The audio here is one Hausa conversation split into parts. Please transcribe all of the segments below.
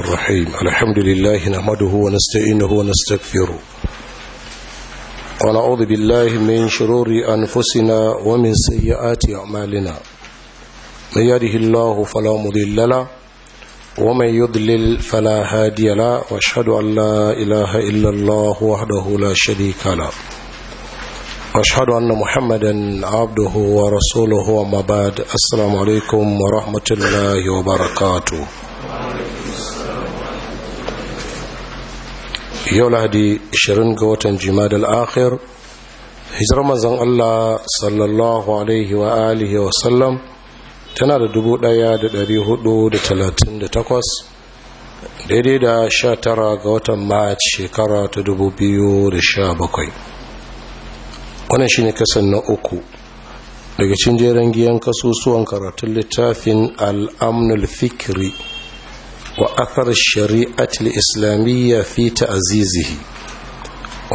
الرحيم الحمد لله نحمده ونستعينه ونستغفره ونعوذ بالله من شرور أنفسنا ومن سيئات أعمالنا من يده الله فلا مضل له ومن يضلل فلا هادي له واشهد أن لا إله إلا الله وحده لا شريك له واشهد أن محمدا عبده ورسوله وما بعد السلام عليكم ورحمة الله وبركاته yau lahadi 20 ga watan jima'ad al-akhir hijirar manzon Allah sallallahu alaihi wa alihi wa sallam tana da da talatin takwas, daidai da sha tara ga watan mac shekara ta dubu biyu da sha 2017 wannan shine kasan na uku daga cin jeren giyan kasusuwan karatun littafin al fikiri. وأثر الشريعة الإسلامية في تعزيزه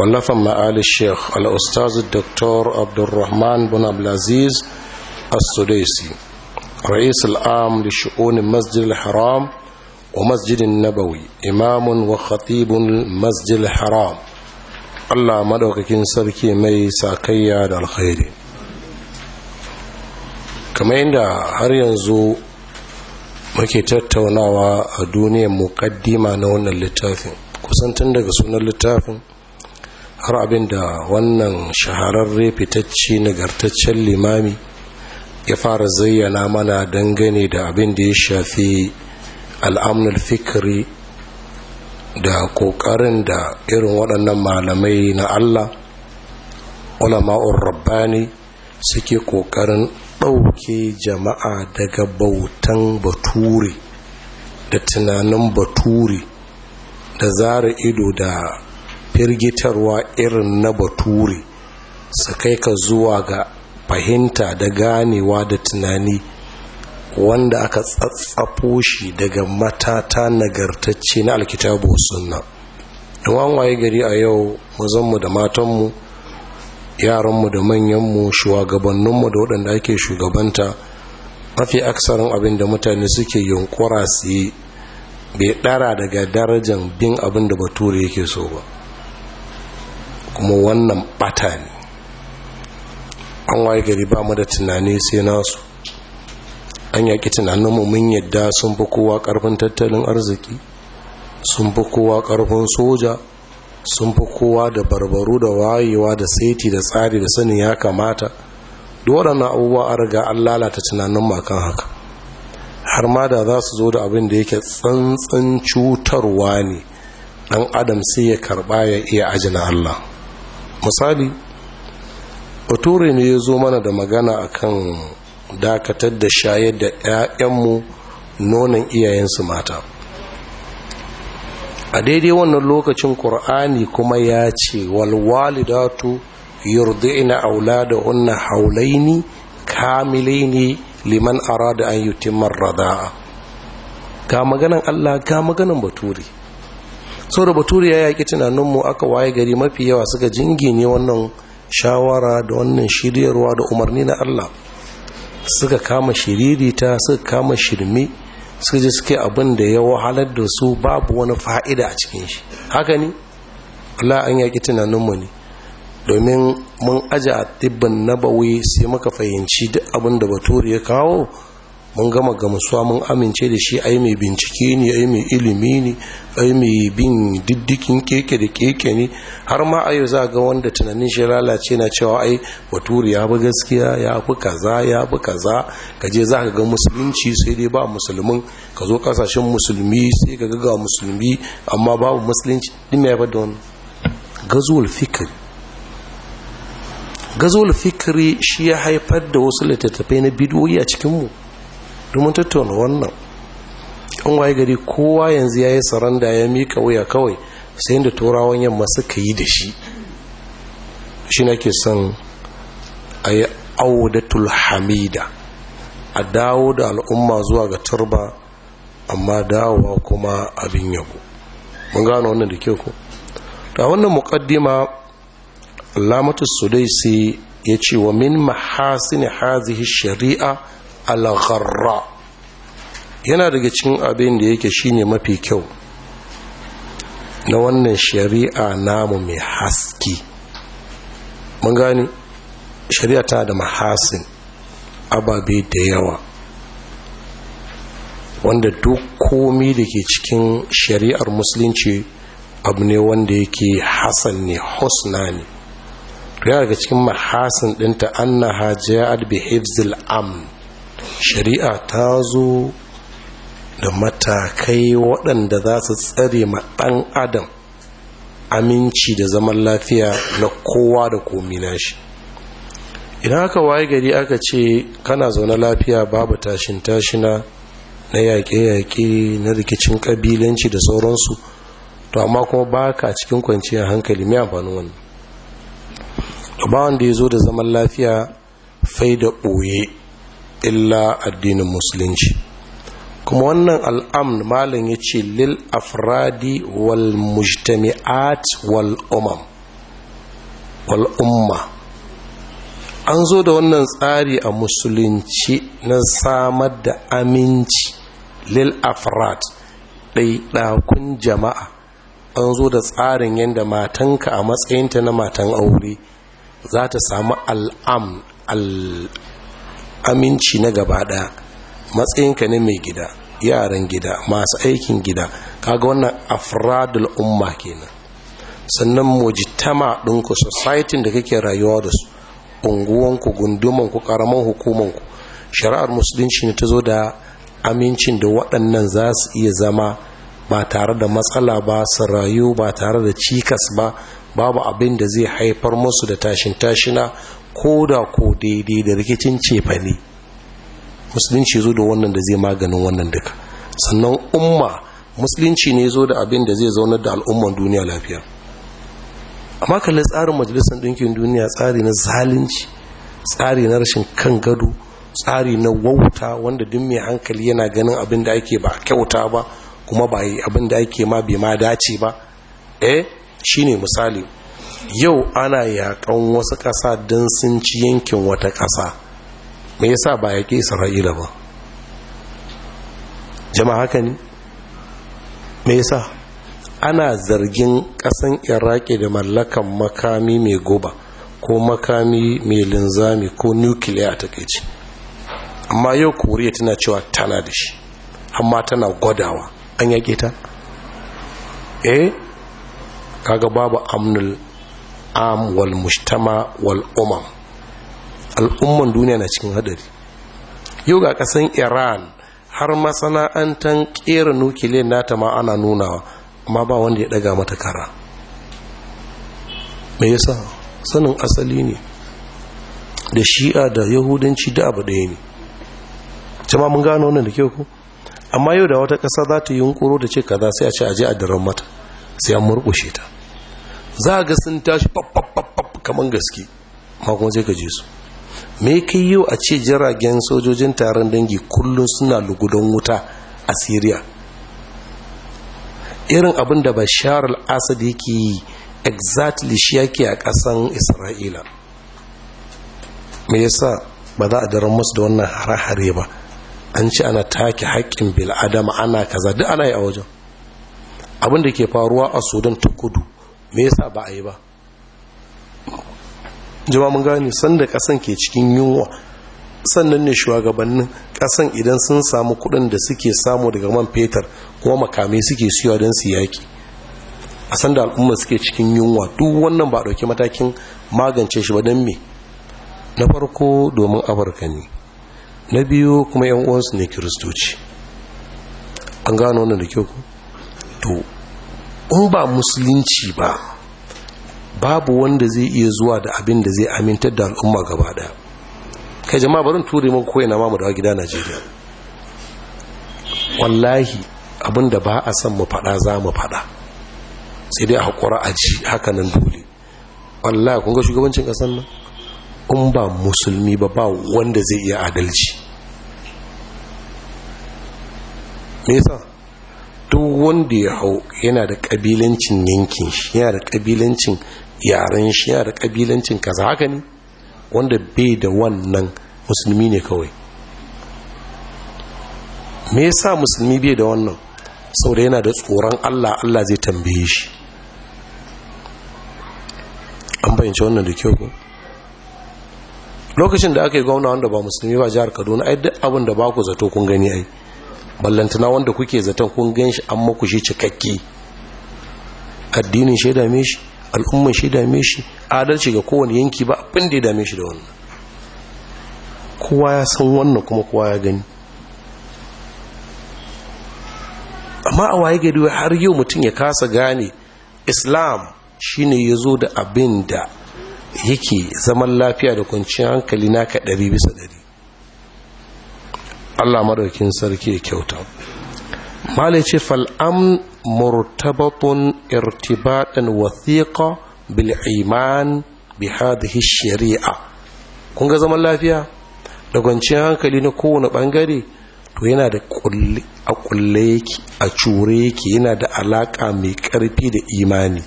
ولف معالي الشيخ الأستاذ الدكتور عبد الرحمن بن عبد العزيز السديسي رئيس العام لشؤون المسجد الحرام ومسجد النبوي إمام وخطيب المسجد الحرام الله مدوككين سركي مي ساكيا الخير كما عند هر ينزو muke tattaunawa a duniyar mukaddima na wannan littafin kusan tun daga sunan littafin har abin da wannan shahararre fitacce nagartaccen limami ya fara zayyana mana dangane da abin da ya shafi al'amnul fikiri da ƙoƙarin da irin waɗannan malamai na Allah ulama'ur rabbani suke ƙoƙarin ɗauke jama'a daga bautan bature da tunanin bature da zara ido da firgitarwa irin na bature su kai ka zuwa ga fahimta da ganewa da tunani wanda aka tsatsafo shi daga matata nagartacce na alkitabu sunna da wanwaye gari a yau mazanmu da matanmu yaranmu da manyanmu shugabanninmu da waɗanda ake shugabanta mafi aksarin abin da mutane suke yunkura su yi bai ɗara daga darajar bin abin da bature yake so ba kuma wannan ɓata ne an waye gari ba mu da tunani sai nasu an yaƙi tunaninmu mun yadda sun fi kowa ƙarfin tattalin arziki sun fi kowa ƙarfin soja sun fi kowa da barbaru da wayewa da saiti da tsari da sanin ya kamata duk waɗannan abubuwa a riga an lalata tunanin makan haka har ma da za su zo da abin da yake tsantsan cutarwa ne ɗan adam sai ya karɓa ya iya ajina Allah misali bature ne ya zo mana da magana akan dakatar da shayar da 'ya'yanmu nonon iyayensu mata a daidai wannan lokacin ƙur'ani kuma ya ce walwalidatu yurdi'na unna haulaini kamilaini liman arada an yutimma rada'a ga maganan Allah ga maganan baturi saboda baturi ya yaki tunaninmu aka waye gari mafi yawa suka jingine wannan shawara da wannan shiryarwa da umarni na Allah suka kama shiririta suka kama shirme su ji suke abin da ya wahalar da su babu wani fa'ida a cikin shi haka ne Allah an yaƙi tunaninmu ne domin mun aji a tibbin nabawi sai muka fahimci duk abin da baturi ya kawo mun gama gamsuwa mun amince da shi ai mai bincike ne ai mai ilimi ne ai mai bin diddikin keke da keke ne har ma ayo za ga wanda tunanin shi lalace na cewa ai baturi ya bi gaskiya ya bi kaza ya bi kaza ka je za ka ga musulunci sai dai ba musulmin ka zo kasashen musulmi sai ka ga musulmi amma babu musulunci din ya bada wani. gazul fikir gazul fikiri shi ya haifar da wasu littattafai na bidoyi a cikinmu. mu domin tattauna wannan in waye gari kowa yanzu ya yi saranda ya mika wuya kawai sai da turawan yamma suka yi da shi shi na ke son a yi audatul hamida a dawo da al'umma zuwa ga turba amma dawowa kuma abin yabo mun gano wannan da kyau ku ta wannan mukaddima lamatu sudaisi ya ce wa min mahasini hazihi shari'a algharra yana daga cikin abin da yake shine mafi kyau na wannan shari'a namu mai haski mun gani shari'a ta da mahasin ababe da yawa wanda duk komi da ke cikin shari'ar musulunci abu ne wanda yake hasan ne husna ne to yana daga cikin mahasin dinta an na bi hifzil amn shari'a ta zo da matakai waɗanda za su tsare ma ɗan adam aminci da zaman lafiya na kowa da komi shi. idan aka waye gari aka ce kana zaune lafiya babu tashin tashina na yaƙe-yaƙe na rikicin ƙabilanci da sauransu to amma kuma ba ka cikin kwanciyar hankali mai amfani wani da ba wanda ya zo da zaman lafiya fai da ɓoye illa addinin musulunci kuma wannan al'amn malin ya ce lil afradi wal mujtami'at wal umam wal umma an zo da wannan tsari a musulunci na samar da aminci lil afrad ɗaiɗakun jama'a an zo da tsarin yadda matanka a matsayinta na matan aure za ta samu al'am aminci na gaba ɗaya matsayinka ne mai gida yaran gida masu aikin gida kaga wannan afradul umma kenan sannan mujtama ɗinku society da kake rayuwa da su ku karaman ƙaramin ku shari'ar musulunci ne ta zo da amincin da waɗannan za su iya zama ba tare da matsala ba su rayu ba tare da cikas ba babu abin da zai haifar musu da tashin tashina ko da ko daidai da rikicin cefa ne musulunci zo da wannan da zai maganin wannan duka sannan umma musulunci ne zo da abin da zai zaunar da al'umman duniya lafiya amma kalli tsarin majalisar ɗinkin duniya tsari na zalunci tsari na rashin kan gado tsari na wauta wanda duk mai hankali yana ganin abin da ake ba kyauta ba kuma ba abin da ake ma bai ma dace ba eh shine misali yau ana yakan wasu ƙasa don sun ci yankin wata ƙasa mai yasa ba ya yaƙi isra'ila ba jama'a haka ne mai yasa ana zargin ƙasan iraki da mallakan makami mai goba ko makami mai linzami ko nukiliya a takaici amma yau koriya tana cewa tana da shi amma tana gwadawa an yaƙi ta eh kaga babu amnul am wal mujtama wal umam al'umman duniya na cikin hadari yau ga kasan iran har masana'antar kera nukiliyar nata ma ana nunawa ma ba wanda ya daga mata kara mai yasa sanin asali ne da shi'a da yahudanci da abu ɗaya ne jama mun gano wannan da ke ku amma yau da wata ƙasa za ta yi yunkuro da ce kaza sai a ce a je a daren mata sai an murkushe ta za ga sun tashi papapapap kamar gaske makon sai ka ji su me kai yau a ce jiragen sojojin taron dangi kullum suna lugudan wuta a syria irin abin da bashar al-assad yake yi exactly shi yake a ƙasan isra'ila me yasa ba za a daren musu da wannan harahare ba an ci ana take haƙƙin bil'adama ana kaza duk ana yi a wajen abin da ke faruwa a sudan ta kudu me yasa ba a yi ba jama mun gane sanda kasan ke cikin yunwa sannan ne shugabannin kasan idan sun samu kudin da suke samu daga man fetur kuma makamai suke siyo don su yaki a sanda al'umma suke cikin yunwa duk wannan ba dauki matakin magance shi ba don me na farko domin afirka ne na biyu kuma yan uwansu ne kiristoci an gano wannan da kyau to in ba musulunci ba babu wanda zai iya zuwa da abin da zai amintar da al'umma gaba daya kai jama'a barin ture maka koyi na mamu da gida najeriya wallahi abin da ba a san mu faɗa za mu faɗa sai dai a haƙura a ji haka nan dole wallahi kun ga shugabancin ƙasar nan in ba musulmi ba ba wanda zai iya adalci me yasa duk wanda ya hau yana da kabilancin yankin shi yana da kabilancin yaren shi yana da kabilancin kaza haka ne wanda bai da wannan musulmi ne kawai me yasa musulmi bai da wannan saboda yana da tsoron Allah Allah zai tambaye shi an bayyance wannan da kyau ko lokacin da aka yi gwamna wanda ba musulmi ba jihar kaduna ai duk abin da ba ku zato kun gani ai ballantana wanda kuke zaton kun gan shi an maku shi cikakke addinin shi dame shi al'umman shi dame shi adalci ga kowane yanki ba abin da ya dame shi da wannan kowa ya san wannan kuma kowa ya gani amma a waye gari har yau mutum ya kasa gane islam shine ya zo da abin da yake zaman lafiya da kwanciyar hankali naka ɗari bisa ɗari Allah madaukin sarki ya kyauta mala ce fal'am murtabatun irtibaɗin wathiqa bil iman bi hadhihi shari'a kun ga zaman lafiya da kwanciyar hankali na kowane bangare to yana da a kulle yake a cure yake yana da alaƙa mai karfi da imani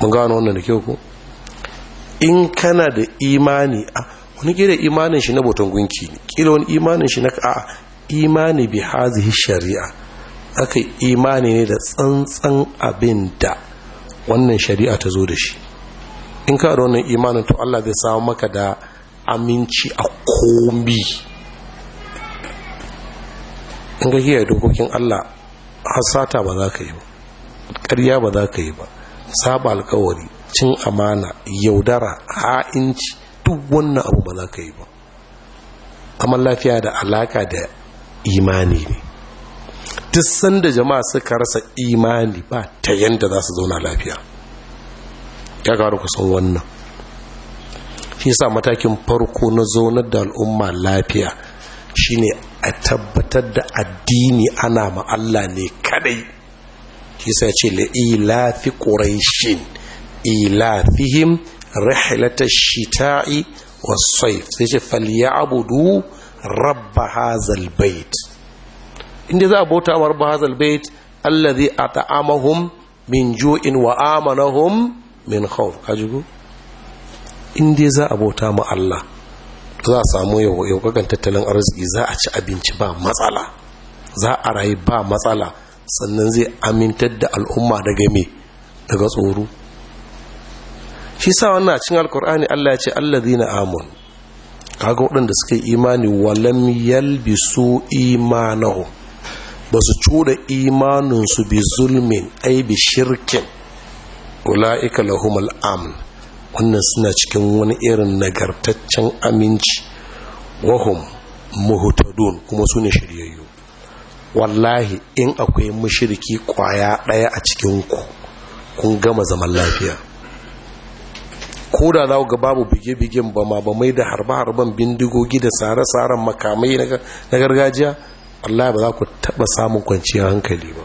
mun gano wannan da kyau ko in kana da imani a ah, wani kira imanin shi na boton gunki kila wani imanin shi na a imani bi hazihi shari'a aka imani ne da tsantsan abin da wannan shari'a ta zo da shi in ka da wannan imanin to Allah zai samu maka da aminci a komi in ga kiyaye dokokin Allah hasata ba za ka yi ba ƙarya ba za ka yi ba saba alkawari cin amana yaudara ha'inci duk wannan abu ba za ka yi ba amma lafiya da alaka da imani ne duk sanda jama'a suka rasa imani ba ta yanda za su zauna lafiya ya gara kusan wannan shi sa matakin farko na zaunar da al'umma lafiya shine a tabbatar da addini ana ma'alla ne kadai shi sa ce la'ilafi ƙuraishin ilafihim rihlata shita'i wasaif sai ce falyabudu rabba hazal bait inda za a bauta wa rabb hazal bait allazi at'amahum min ju'in wa amanahum min khawf kajigo inda za a bauta mu Allah za a samu yau yau tattalin arziki za a ci abinci ba matsala za a rayu ba matsala sannan zai amintar da al'umma daga me daga tsoro shi sa wannan a cikin alkur'ani Allah ya ce allazina amun kaga waɗanda suka yi imani walam yalbisu imanahu ba su cuda imaninsu bi zulmin ai bi shirkin ula'ika lahumul amn wannan suna cikin wani irin nagartaccen aminci wahum muhutadun kuma su ne shiryayyu wallahi in akwai mushriki kwaya ɗaya a cikin ku kun gama zaman lafiya ko da za ga babu bige-bigen ba ma ba mai da harba-harban bindigogi da tsare-tsaren makamai na gargajiya Allah ba za ku taɓa samun kwanciyar hankali ba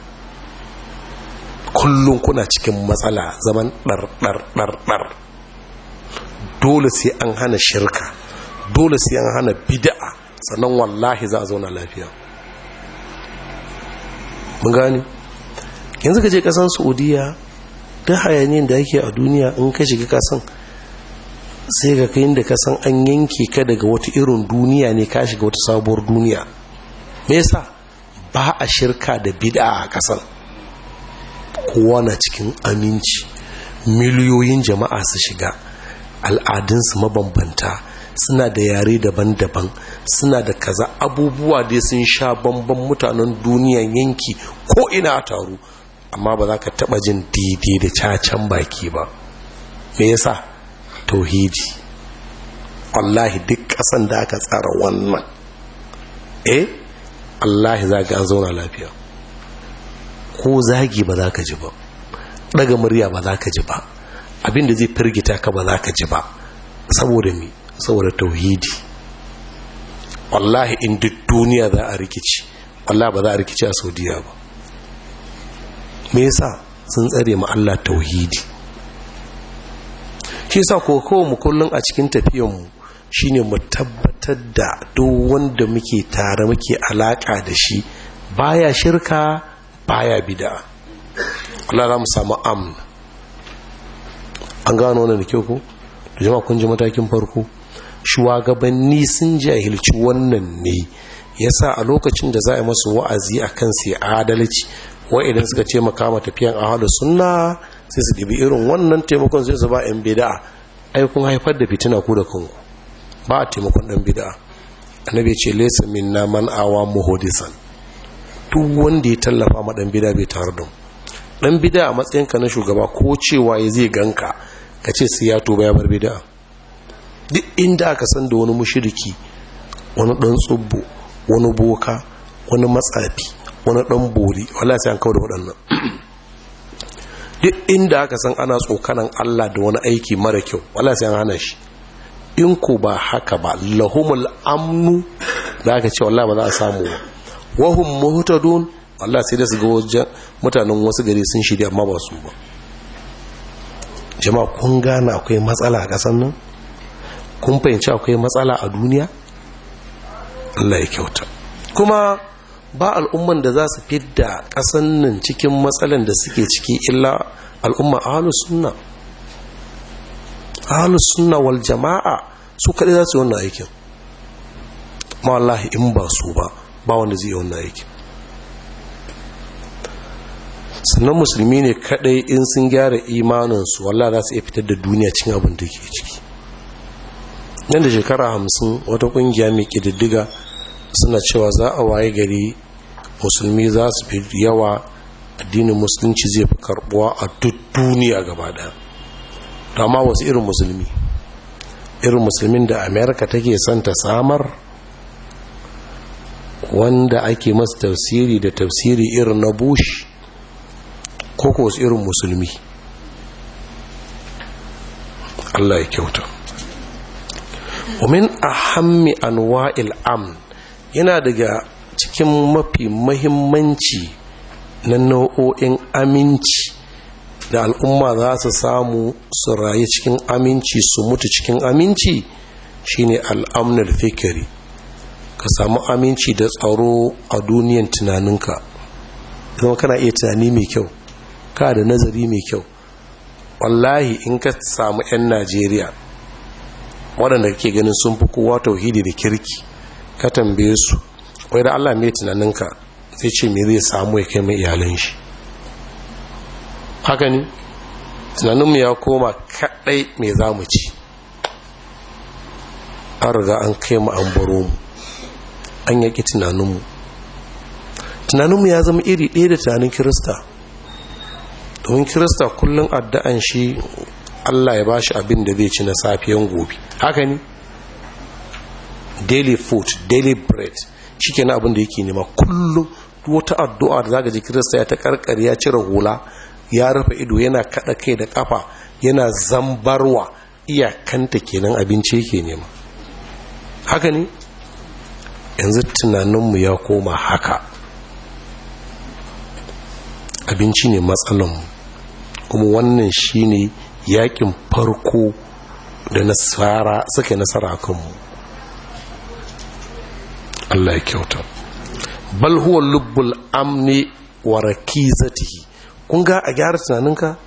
kullum kuna cikin matsala zaman ɗar-ɗar-ɗar dole sai an hana shirka dole sai an hana bida'a sannan wallahi za a zauna lafiya mun gani yanzu ka je kasan saudiya ta hayanin da ake a duniya in ka shiga kasan sai ga kayan da ka san an yanke ka daga wata irin duniya ne ka shiga wata sabuwar duniya me yasa ba a shirka da bid'a a kasan kowa na cikin aminci miliyoyin jama'a su shiga al'adunsu mabambanta suna da yare daban-daban suna da kaza abubuwa da sun sha bamban mutanen duniya yanki ko ina taru amma ba za ka taba jin daidai da cacan baki ba me yasa tauhidi wallahi duk kasan da aka tsara wannan eh wallahi za ka an zauna lafiya ko zagi ba za ka ji ba daga murya ba za ka ji ba abinda zai firgita ka ba za ka ji ba saboda mi saboda tauhidi wallahi in duk duniya za a rikici wallahi ba za a rikici a saudiya ba me yasa sun tsare ma Allah tauhidi shi sa ko mu kullum a cikin tafiyanmu shi ne mu tabbatar da duk wanda muke tare muke alaƙa da shi baya shirka baya bid'a Allah za mu samu amn an gano wannan da kyau ko jama'a kun ji matakin farko shugabanni sun jahilci wannan ne yasa a lokacin da za a yi masu wa'azi a kan sai adalci wa idan suka ce makama tafiyan ahalu sunna sai su ɗibi irin wannan taimakon zai su ba 'yan bida'a ai kun haifar da fitina ku da kanku ba a taimakon ɗan bida'a annabi ce laysa minna man awa mahodisan duk wanda ya tallafa ma ɗan bida'a bai tare da ɗan bida'a a ka na shugaba ko cewa ya zai ganka ka ce sai ya tuba ya bar bida'a duk inda aka san da wani mushiriki wani ɗan tsubbo wani boka wani matsafi wani ɗan bori wala sai an kawo da waɗannan duk inda aka san ana tsokanan Allah da wani aiki mara kyau wala sai hana shi in ko ba haka ba lahumul amnu da aka ce wallahi ba za a samu ba hum muhtadun wallahi sai da su ga wajen mutanen wasu gari sun shirya amma ba su ba jama'a kun gane akwai matsala a kasan nan kun fahimci akwai matsala a duniya Allah ya kyauta kuma ba al'umman da za su fidda ƙasan nan cikin matsalan da suke ciki illa al'umma ahalus sunna ahalus sunna wal jama'a su kaɗai za su yi wannan aikin ma wallahi in ba su ba ba wanda zai yi wannan aikin sannan musulmi ne kaɗai in sun gyara imaninsu wallah za su iya fitar da duniya cin abin da ke ciki nan da shekara hamsin wata ƙungiya mai ƙididdiga suna cewa za a waye gari musulmi za su fi yawa addinin musulunci zai fi karbuwa a duk duniya gaba daya amma wasu irin musulmi irin musulmin da amerika take son ta samar wanda ake masu tafsiri da tafsiri irin na bush ko ko wasu irin musulmi allah ya kyauta ومن أهم أنواع الأمن yana daga cikin mafi mahimmanci na nau'o'in aminci da al'umma za su samu su rayu cikin aminci su mutu cikin aminci shine al'amnar fikiri ka samu aminci da tsaro a duniyan tunaninka zama kana iya tunani mai kyau ka da nazari mai kyau wallahi in ka samu 'yan najeriya waɗanda ke ganin sun fi kowa tauhidi da kirki ka tambaye su wai da Allah mai tunaninka zai ce me zai samu ya kai mai iyalan shi haka ne tunaninmu ya koma kaɗai mai za mu ci an riga an kai mu an baro mu an yaƙi tunaninmu tunaninmu ya zama iri ɗaya da tunanin kirista domin kirista kullum addu'an shi allah ya bashi abin da zai ci na safiyan gobe haka ne daily food daily bread shike na abin da yake nema kullum wata addu'a da zaka ji ya ta karkar ya cire hula ya rufe ido yana kada kai da kafa yana zambarwa iyakanta kenan abinci yake nema haka ne yanzu tunaninmu ya koma haka abinci ne matsalanmu kuma wannan shine yakin farko da nasara suka nasara kanmu Allah ya kyauta bal huwa lubbul amni wa rakizatihi kun ga a gyara tunaninka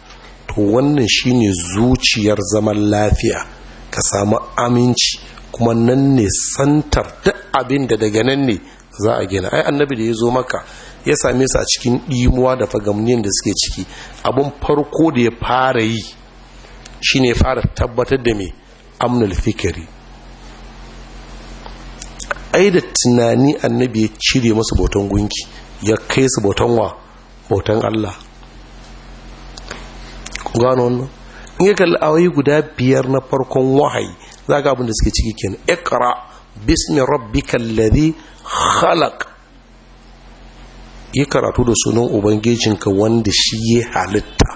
to wannan shine zuciyar zaman lafiya ka samu aminci kuma nan ne santar duk abin da daga nan ne za a gina ai annabi da ya zo maka ya same su a cikin ɗimuwa da fagamniyar da suke ciki abin farko da ya fara yi shine ya fara tabbatar da mai amnul fikiri ai da tunani annabi ya cire masa bautan gunki ya kai su bautan wa bautan Allah gano wannan in ya kalli awayi guda biyar na farkon wahayi za ga abin da suke ciki kenan ikra bismi rabbikal ladhi khalaq yi karatu da sunan ubangijinka wanda shi ya halitta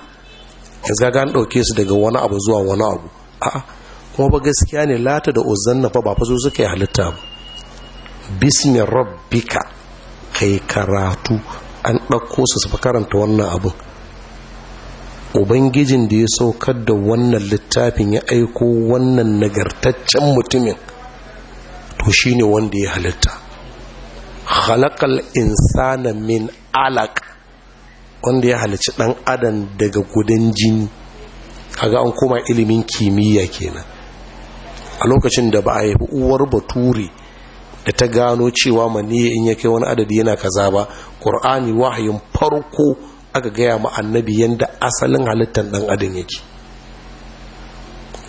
yanzu zaga an ɗauke su daga wani abu zuwa wani abu a'a kuma ba gaskiya ne lata da uzanna fa ba fa su suka yi halitta ba bismi rabbika kai karatu an ɗauko su su karanta wannan abin ubangijin da ya saukar da wannan littafin ya aiko wannan nagartaccen mutumin to shine wanda ya halitta halakal insana min alaq wanda ya halici dan adam daga gudan jini kaga an koma ilimin kimiyya kenan a lokacin da ba a yi uwar bature da ta gano cewa mani in ya kai wani adadi yana kaza ba ƙur'ani wahayin farko aka gaya ma annabi yadda asalin halittar ɗan adam yake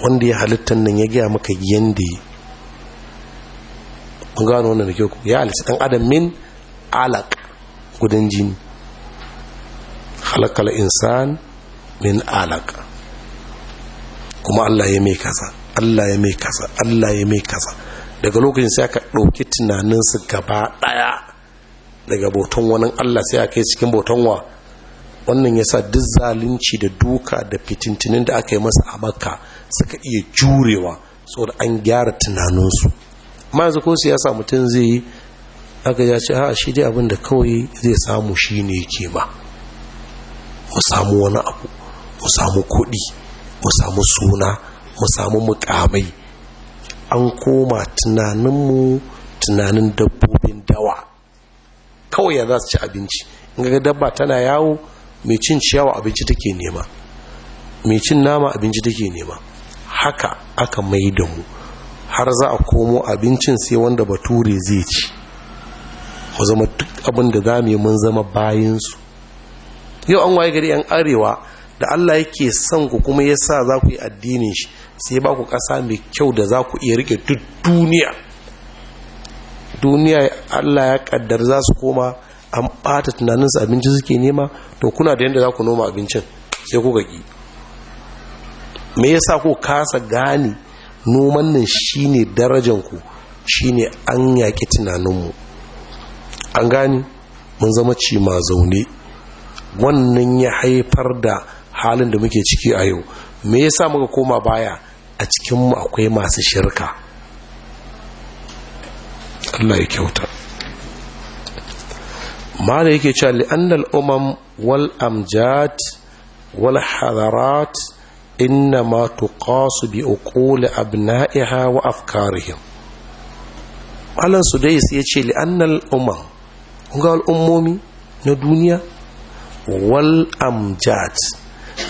wanda ya halittar nan ya gaya maka yadda yi mun gano wannan da kyau ya halitta ɗan adam min alaƙ gudun jini halakal insan min alaƙ kuma Allah ya mai kasa. Allah ya mai kasa. Allah ya mai kasa. daga lokacin sai aka ɗauki tunaninsu gaba ɗaya daga bautan wani allah sai aka yi cikin bautan wa wannan ya sa duk zalunci da duka da fitintinin da aka yi masa a maka suka iya jurewa saboda an gyara tunaninsu ma yanzu ko siyasa mutum zai yi aka ya ce a shi dai abin da kawai zai samu shi ne ke ba mu samu wani abu mu samu kuɗi mu samu suna mu samu mukamai an koma tunaninmu tunanin dabbobin dawa kawai ya za su ci abinci in ga dabba tana yawo mai cin ciyawa abinci take nema mai cin nama abinci take nema haka aka mai da mu har za a komo abincin sai wanda bature zai ci ku zama duk abinda da za mu yi mun zama bayansu yau an waye gari yan arewa da allah yake son ku kuma ya sa za ku yi addinin shi sai ba ku ƙasa mai kyau da za ku iya rike duk duniya duniya allah ya kaddar za su koma an ɓata tunaninsu abinci suke nema to kuna da yadda za ku noma abincin sai ku gagi me yasa ku kasa gane noman nan shine darajanku shine an yaƙi tunaninmu an gani mun zama ci ma zaune wannan ya haifar da halin da muke ciki a yau me yasa muka koma baya a cikinmu akwai masu shirka Allah ya kyauta mala yake cewa li'annal umam wal amjad wal hadarat innama tuqasu bi uqul abna'iha wa afkarihim alan sudais ya ce li'annal umam kun ga al'ummomi na duniya wal amjad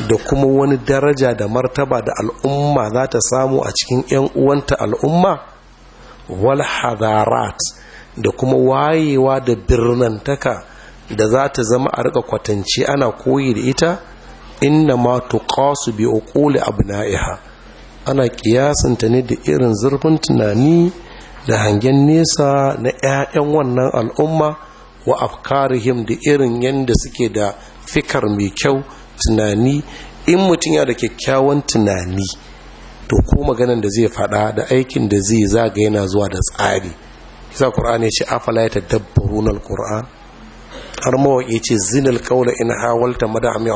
da kuma wani daraja da martaba da al'umma za ta samu a cikin 'yan uwanta al'umma wal hadarat da kuma wayewa da birnantaka da za ta zama a rika kwatance ana koyi da ita inna ma tuqasu bi uquli abna'iha ana kiyasinta ne da irin zurfin tunani da hangen nesa na 'ya'yan wannan al'umma wa afkarihim da irin yadda suke da fikar mai kyau tunani in mutum yana da kyakkyawan tunani to ko maganan da zai faɗa da aikin da zai zaga yana zuwa da tsari kisa qur'ani ya ce afala ya tadabbarun alquran har mawaƙi ce zinal qawla in hawalta madami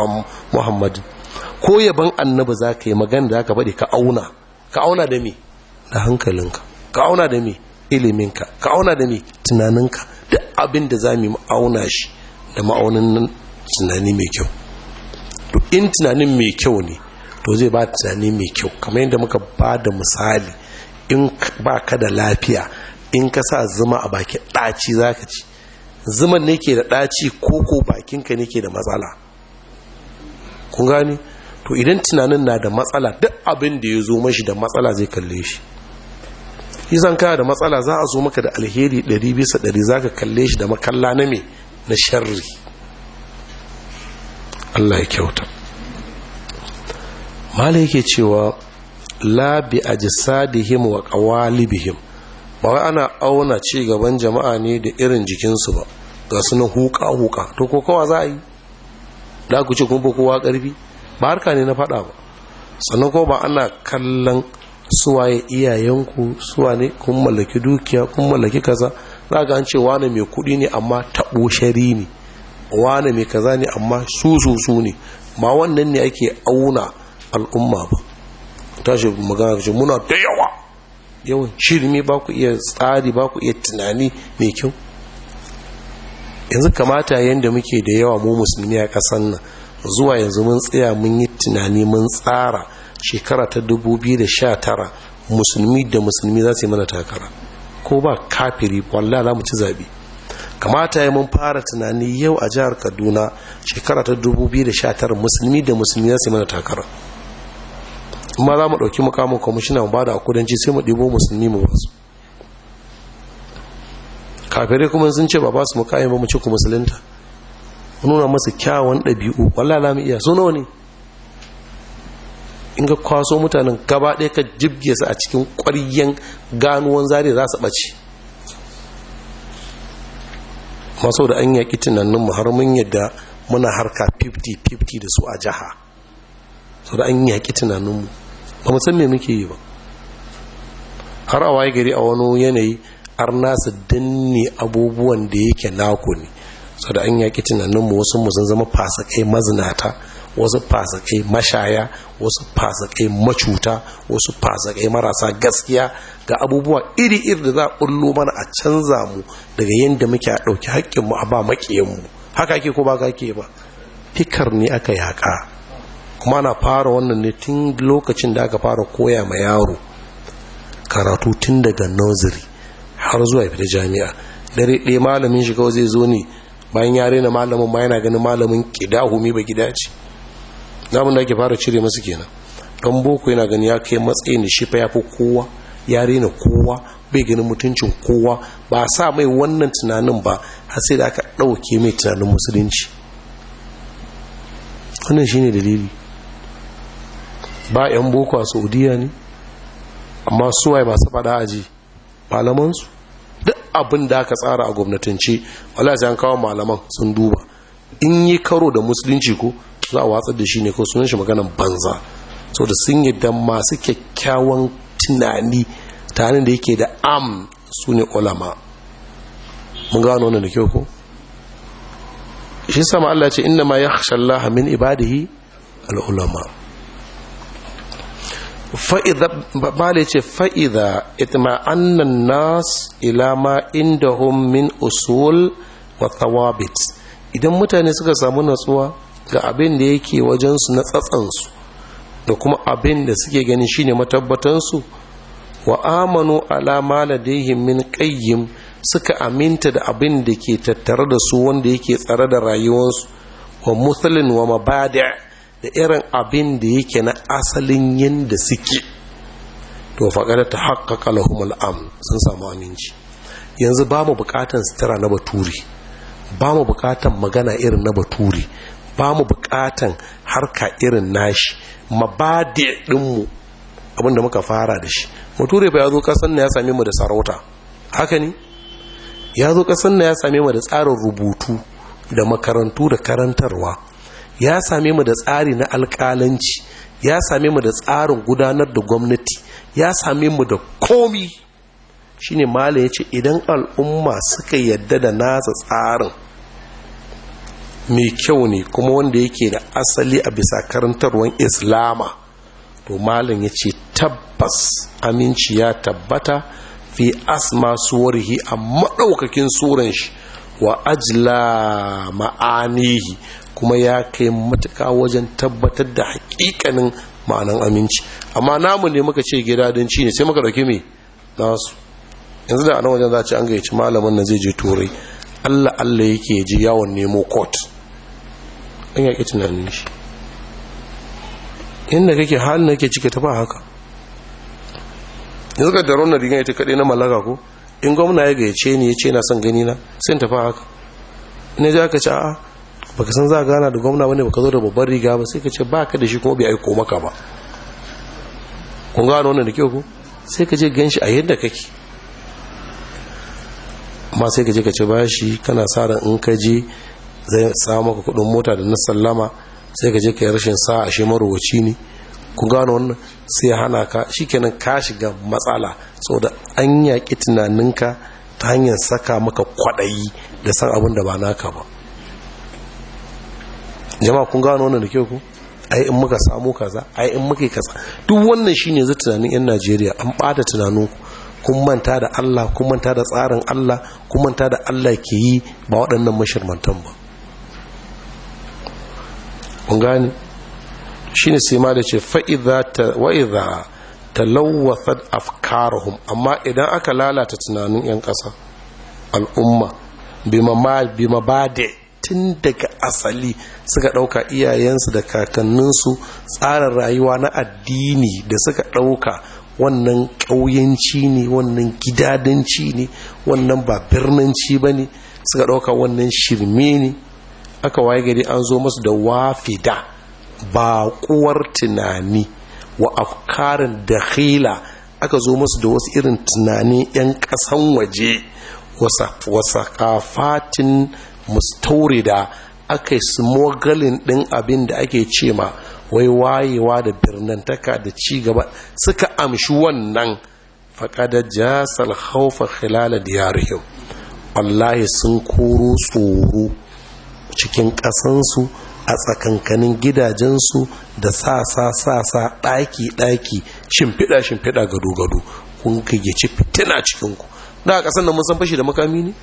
muhammad ko yaban annabi zaka yi magana da zaka ka auna ka auna da me da hankalinka ka auna da me iliminka ka auna da me tunaninka duk abin da za mu auna shi da ma'aunin tunani mai kyau to in tunanin mai kyau ne to zai ba tunani mai kyau kamar yadda muka ba da misali in ba ka da lafiya in ka sa zuma a baki ɗaci za ka ci zuman ne ke da ɗaci ko ko bakinka ne ke da matsala kun gani to idan tunanin na da matsala duk abin da ya zo mashi da matsala zai kalle shi izan kaya da matsala za a zo maka da alheri 100 bisa 100 za ka kalle shi da makalla na me na sharri Allah ya kyauta mala yake cewa la bi ajsadihim wa qawalibihim ba wai ana auna ci gaban jama'a ne da irin jikinsu ba ga suna huka huka to ko kowa za a yi da ku ce kuma kowa karfi ba harka ne na faɗa ba sannan ko ba ana kallon suwaye iyayenku suwa ne kun mallaki dukiya kun mallaki kaza za ga an ce wani mai kuɗi ne amma taɓo shari ne wane mai kaza ne amma su su su ne ma wannan ne ake auna al'umma ba tashi magana ce muna da yawa yawan shirme ba ku iya tsari ba ku iya tunani mai kyau yanzu kamata yadda muke da yawa mu musulmi a kasan nan zuwa yanzu mun tsaya mun yi tunani mun tsara shekara ta 2019 musulmi da musulmi za su yi mana takara ko ba kafiri wallah za mu ci zaɓe kamata ya mun fara tunani yau a jihar kaduna shekara ta 2019 musulmi da musulmi ya mana takara amma za mu ɗauki mukamin kwamishina mu ba da kudanci sai mu ɗibo musulmi mu wasu kafirai kuma sun ce ba ba su mukamin ba mu ci ku musulunta nuna masu kyawun ɗabi'u wallah za mu iya su nawa in ga kwaso mutanen gaba ɗaya ka jibge su a cikin ƙwaryen ganuwan zari za su ɓace maso da an yaƙi tunaninmu har mun yadda muna harka 50-50 da su a jiha so da an yaƙi tunaninmu ba mu san me muke yi ba har a waye gari a wani yanayi har nasu danne abubuwan da yake naku ne so da an yaƙi tunaninmu wasu mu sun zama fasakai mazinata wasu fasakai mashaya wasu fasakai macuta wasu fasakai marasa gaskiya ga abubuwa iri iri da za a bullo mana a canza mu daga yadda muke a ɗauki mu a ba maƙiyanmu haka ake ko ba ka ke ba fikar ne aka yaƙa kuma na fara wannan ne tun lokacin da aka fara koya ma yaro karatu tun daga nursery har zuwa fita jami'a dare ɗaya malamin shiga zai zo ne bayan ya rena malamin ma yana ganin malamin humi ba gida ce namun da ake fara cire masu kenan don boko yana gani ya kai matsayin da shi fa ya fi kowa ya rena kowa bai ganin mutuncin kowa ba a sa mai wannan tunanin ba har sai da aka ɗauke mai tunanin musulunci wannan shine dalili ba 'yan boko a saudiya ne amma suwaye masu fada aji malamansu duk abin da aka tsara a gwamnatance wala zan an kawo malaman sun duba in yi karo da musulunci ko za a watsar da shi ne ko sunan shi maganan banza so da sun yi da masu kyakkyawan tunani tare da yake da am su ne ulama mun gano wannan da kyau ko shi sama Allah ce inna ma ya Allah min ibadihi al'ulama ulama fa ce fa'iza idza itma'anna nas ilama inda indahum min usul wa tawabit idan mutane suka samu natsuwa ga abin da yake wajensu na tsatsansu da kuma abin da suke ganin shine matabbatansu wa amanu ala maladehim min qayyim suka aminta da abin da ke tattare da su wanda yake tsare da rayuwarsu wa muthalin wa mabadi' da irin abin da yake na asalin yanda suke to faqad tahaqqaqa lahum al-amn sun samu aminci yanzu ba mu bukatan sitira na baturi ba mu bukatan magana irin na baturi ba mu bukatan harka irin nashi mabadi dinmu abinda muka fara da shi muture ba ya zo kasan na ya same mu da sarauta haka ne ya zo kasan na ya same mu da tsarin rubutu da makarantu da karantarwa ya same mu da tsari na alkalanci ya same mu da tsarin gudanar da gwamnati ya same mu da komi shine mala ya ce idan al'umma suka yadda da nasa tsarin mai kyau ne kuma wanda yake da asali a bisa karantarwar islama to malin ya ce tabbas aminci ya tabbata fi asma suwarhi a maɗaukakin suran shi wa ajla ma'anihi kuma ya kai matuka wajen tabbatar da hakikanin ma'anan aminci amma namu ne muka ce gida don ci ne sai muka ɗauki mai nasu yanzu da anan wajen za a ci an gayyaci malamin na zai je turai allah allah yake ji yawon nemo court an yaƙi tunanin shi inda kake halin da ke cike ta ba haka yanzu ka da na rigar ita kaɗai na malaga ko in gwamna ya gayyace ni ya ce na son gani na sai tafi haka ne za ka ci a'a baka san za a gana da gwamna wani baka zo da babban riga ba sai ka ce ba ka da shi kuma bai aiko maka ba kun gano wannan da kyau ko sai ka je gan shi a yadda kake amma sai ka je ka ce ba shi kana sa ran in ka je zai samu maka kudin mota da na sallama sai ka je ka yi rashin sa'a shi marowaci ne kun gano wannan sai ya hana ka shi kenan ka shiga matsala saboda an yaƙi tunaninka ta hanyar saka maka kwaɗayi da san abin da ba naka ba jama'a kun gano wannan da kyau ku ai in muka samu kaza ai in muka kaza duk wannan shine zai tunanin yan Najeriya an bada tunanin kun manta da Allah kun manta da tsarin Allah kun manta da Allah ke yi ba waɗannan mashirmantan ba kun gane ne sai ma da ce fa'iza ta wa'iza talawwathat amma idan aka lalata tunanin yan ƙasa al'umma bima ba da tun daga asali suka ɗauka iyayensu da kakanninsu tsarin rayuwa na addini da suka ɗauka wannan ƙauyenci ne wannan gidadanci ne wannan ba birninci ba ne suka ɗauka wannan shirme ne aka waye gari an zo masu da wafida baƙuwar kuwar tunani wa afkarin dakhila aka zo masu da wasu irin tunani 'yan ƙasan waje wasakafatin mustaurida aka yi smogalin ɗin abin da ake ce ma wai wayewa da birnantaka da ci gaba suka amshi wannan faƙada jasar haufa khilala diyarihim wallahi sun koro tsoro cikin ƙasansu a tsakankanin gidajensu da sa sa sa sa ɗaki ɗaki shimfiɗa shimfiɗa gado gado kun ci fitina cikinku da a ƙasan da mun san fashi da makami ne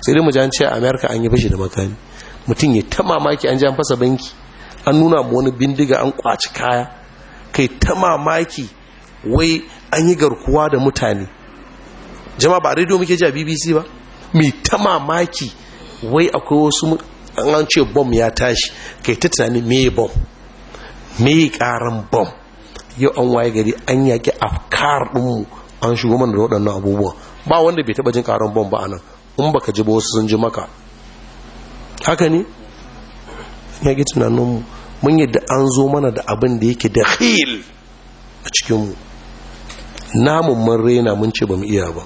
sai dai mu an ce a amerika an yi fashi da makami mutum ya ta mamaki an ji fasa banki an nuna mu wani bindiga an kwaci kaya kai ta mamaki wai an yi garkuwa da mutane jama ba a rediyo muke ji a bbc ba mai ta mamaki wai akwai wasu an an ce bom ya tashi kai ta tunani me bom me karan bom yau an waye gari an yaki afkar din mu. an shigo mana da waɗannan abubuwa. ba wanda bai taɓa jin karan bom ba anan in baka ji ba wasu sun ji maka haka ne ya ki mu. mun yadda an zo mana da abin da yake da khil a cikin mu. namun mun rena mun ce ba mu iya ba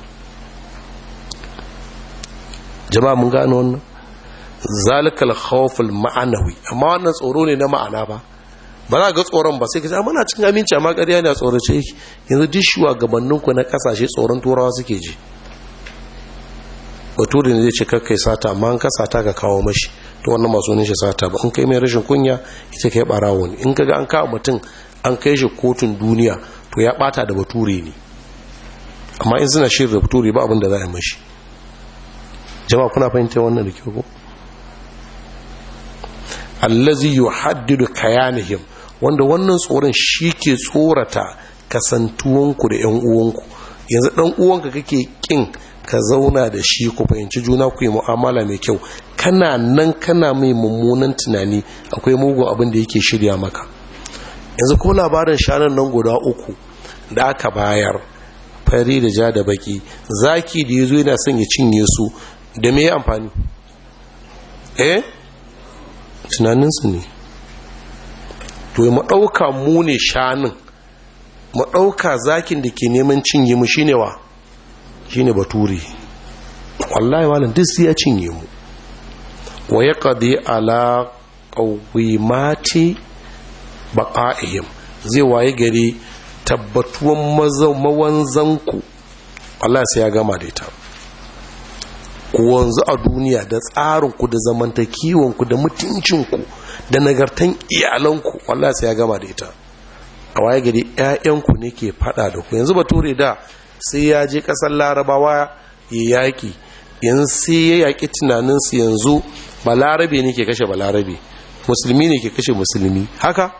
jama'a mun gano wannan zalikal khawful ma'anawi amma wannan tsoro ne na ma'ana ba ba za ga tsoron ba sai ka ce amma na cikin aminci amma ƙarya ne a tsorace yake yanzu duk shugabannin ku na kasashe tsoron turawa suke ji bature ne zai ce kakkai sata amma an kasa ta ka kawo mashi to wannan masu shi sata ba in kai mai rashin kunya ita kai barawo ne in kaga an kawo mutum an kai shi kotun duniya to ya bata da bature ne amma in suna shirin da bature ba abin da za a mashi jama'a kuna fahimta wannan da kyau ko allazi yuhaddidu kayanihim wanda wannan tsoron shi ke tsorata kasantuwanku da 'yan uwanku yanzu 'dan uwanka kake kin ka zauna da shi ku fahimci juna ku yi mu'amala mai kyau kana nan kana mai mummunan tunani akwai mugun abin da yake shirya maka yanzu ko labarin shanan nan guda uku da aka bayar fari da ja da baki zaki da ya zo yana son ya cinye su da me amfani eh tunaninsu ne to yi maɗauka mu ne shanin maɗauka zakin da ke neman cinye mu shine wa shine baturi wallahi walin duk ya cinye mu wa ya ƙadi ala ƙawimati baƙa'ihim zai waye gari tabbatuwan mawanzanku Allah sai ya gama da ita ku wanzu a duniya da tsarinku da zamantakiwanku da mutuncinku da nagartan iyalanku wallah sai ya gama da ita a waye gari 'ya'yanku ne ke fada da ku yanzu bature da sai ya je ƙasar larabawa ya yaƙi yanzu sai ya yaƙi tunaninsu yanzu balarabe ne ke kashe balarabe musulmi ne ke kashe musulmi haka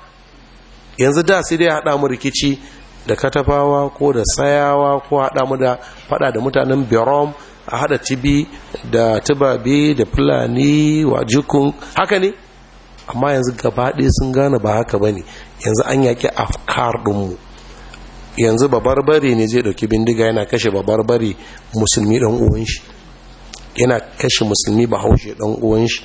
yanzu da sai dai haɗa mu rikici da katafawa ko da sayawa ko haɗa mu da faɗa da mutanen birom a hada tibi da tubabe da fulani wajikun haka ne amma yanzu ɗaya sun gane ba haka ba ne yanzu an yaƙi afkar ɗinmu yanzu babarbare ne zai ɗauki bindiga yana kashe babarbare musulmi ɗan uwan yana kashe musulmi bahaushe ɗan uwan shi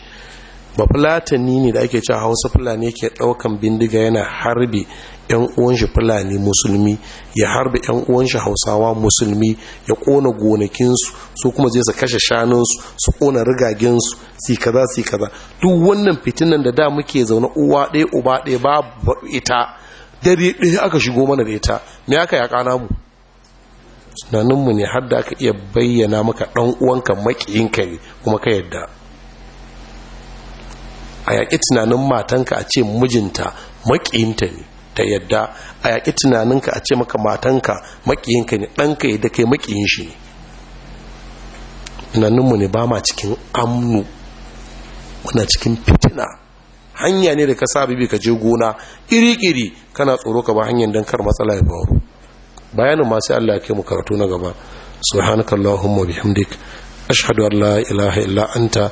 ba fulatani ne da ake cewa hausa fulani yake daukan bindiga yana harbi yan uwan shi fulani musulmi ya harbi yan uwan shi hausawa musulmi ya kona gonakinsu su kuma zai su kashe shanun su kona su si kaza si kaza duk wannan fitinan da da muke zaune uwa ɗaya uba ɗaya ba ita dare ɗaya aka shigo mana da ita me aka yaƙa namu tunaninmu ne har da aka iya bayyana maka ɗan uwanka maƙiyinka ne kuma ka yadda a yaƙi tunanin matanka a ce mijinta maƙiyinta ne ta yadda a yaƙi tunaninka a ce maka matanka maƙiyinka ne ɗanka yadda kai maƙiyin shi ne tunaninmu ne ba ma cikin amnu muna cikin fitina hanya ne da ka sa bibi ka je gona iri-iri kana tsoro ka ba hanyar don kar matsala ya faru bayanin masu allah ke mu karatu na gaba subhanakallahumma bihamdik ashhadu an la ilaha illa anta